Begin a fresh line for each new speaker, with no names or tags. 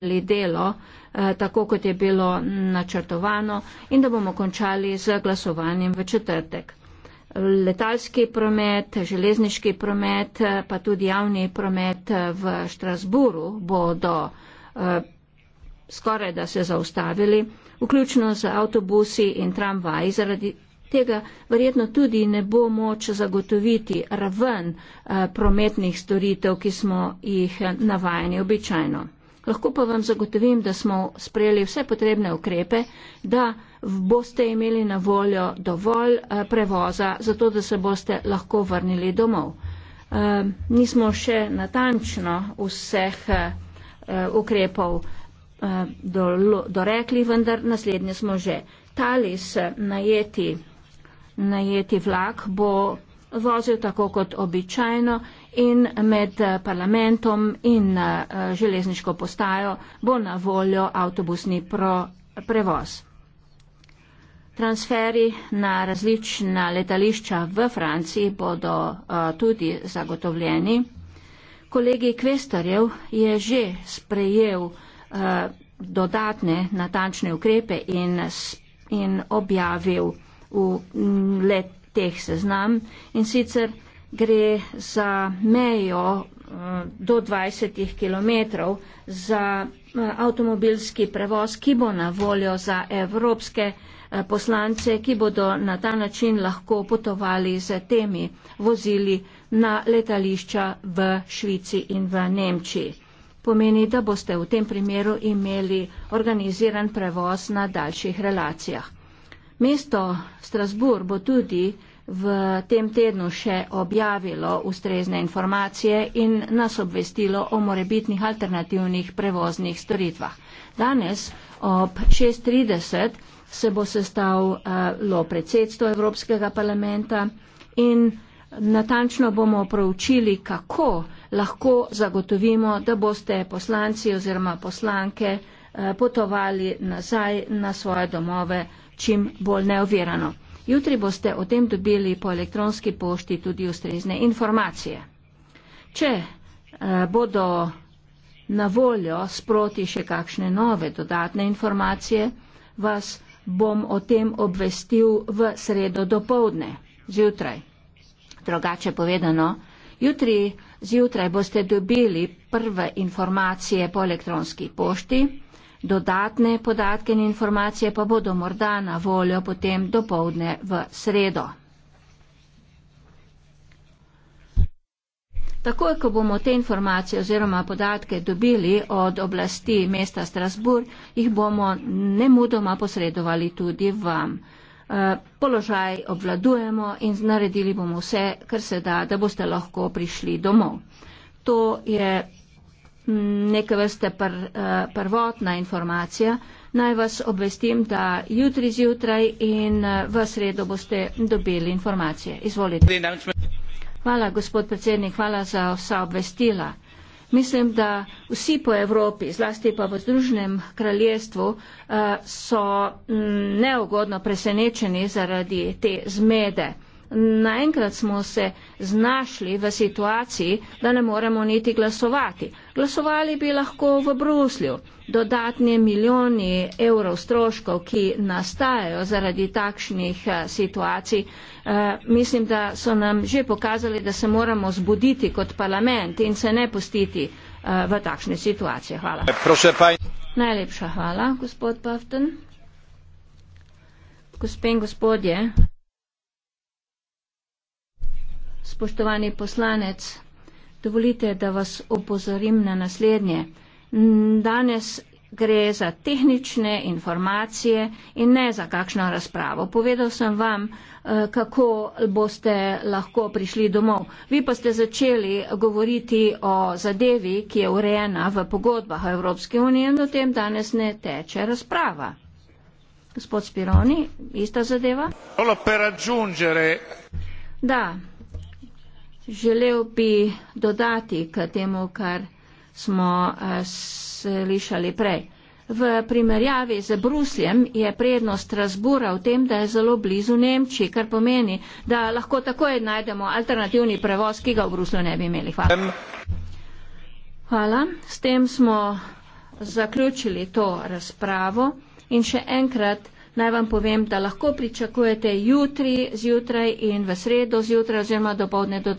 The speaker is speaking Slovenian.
končali delo eh, tako, kot je bilo načrtovano in da bomo končali z glasovanjem v četrtek. Letalski promet, železniški promet, eh, pa tudi javni promet eh, v Štrasburu bodo skoraj da se zaustavili, vključno z avtobusi in tramvaji. Zaradi tega verjetno tudi ne bo moč zagotoviti raven prometnih storitev, ki smo jih navajeni običajno. Lahko pa vam zagotovim, da smo sprejeli vse potrebne ukrepe, da boste imeli na voljo dovolj eh, prevoza, zato da se boste lahko vrnili domov. Eh, nismo še natančno vseh eh, ukrepov dorekli, vendar naslednje smo že. Talis najeti, najeti vlak bo vozil tako kot običajno in med parlamentom in eh, železniško postajo bo na voljo avtobusni pro, prevoz. Transferi na različna letališča v Franciji bodo eh, tudi zagotovljeni. Kolegi Kvestarjev je že sprejel eh, dodatne natančne ukrepe in, in objavil v letališču teh seznam in sicer gre za mejo eh, do 20 km za eh, avtomobilski prevoz, ki bo na voljo za evropske eh, poslance, ki bodo na ta način lahko potovali z temi vozili na letališča v Švici in v Nemčiji. Pomeni, da boste v tem primeru imeli organiziran prevoz na daljših relacijah. Mesto Strasbourg bo tudi v tem tednu še objavilo ustrezne informacije in nas obvestilo o morebitnih alternativnih prevoznih storitvah. Danes ob 6.30 se bo sestavilo eh, predsedstvo Evropskega parlamenta in natančno bomo proučili, kako lahko zagotovimo, da boste poslanci oziroma poslanke eh, potovali nazaj na svoje domove čim bolj neovirano. Jutri boste o tem dobili po elektronski pošti tudi ustrezne informacije. Če eh, bodo na voljo sproti še kakšne nove dodatne informacije, vas bom o tem obvestil v sredo do povdne, zjutraj. Drugače povedano, jutri zjutraj boste dobili prve informacije po elektronski pošti, Dodatne podatke in informacije pa bodo morda na voljo potem dopovdne v sredo. Takoj, ko bomo te informacije oziroma podatke dobili od oblasti mesta Strasbourg, jih bomo nemudoma posredovali tudi vam. Eh, položaj obvladujemo in naredili bomo vse, kar se da, da boste lahko prišli domov. To je neke vrste pr, eh, prvotna informacija. Naj vas obvestim, da jutri zjutraj in eh, v sredo boste dobili informacije. Izvolite. Hvala, gospod predsednik, hvala za vsa obvestila. Mislim, da vsi po Evropi, zlasti pa v Združenem kraljestvu, eh, so mm, neugodno presenečeni zaradi te zmede naenkrat smo se znašli v situaciji, da ne moremo niti glasovati. Glasovali bi lahko v Bruslju. Dodatni milijoni evrov stroškov, ki nastajajo zaradi takšnih eh, situacij, eh, mislim, da so nam že pokazali, da se moramo zbuditi kot parlament in se ne pustiti eh, v takšne situacije. Hvala. Najlepša hvala, gospod Pavten. Gospe in gospodje, Spoštovani poslanec, dovolite, da vas opozorim na naslednje. Danes gre za tehnične informacije in ne za kakšno razpravo. Povedal sem vam, eh, kako boste lahko prišli domov. Vi pa ste začeli govoriti o zadevi, ki je urejena v pogodbah Evropske unije in o tem danes ne teče razprava. Gospod Spironi, ista zadeva? Da. Želel bi dodati k temu, kar smo eh, slišali prej. V primerjavi z Brusljem je prednost razbora v tem, da je zelo blizu Nemčiji, kar pomeni, da lahko takoj najdemo alternativni prevoz, ki ga v Bruslju ne bi imeli. Hvala. Hvala. S tem smo zaključili to razpravo in še enkrat naj vam povem, da lahko pričakujete jutri zjutraj in v sredo zjutraj oziroma dopovdne dodatke.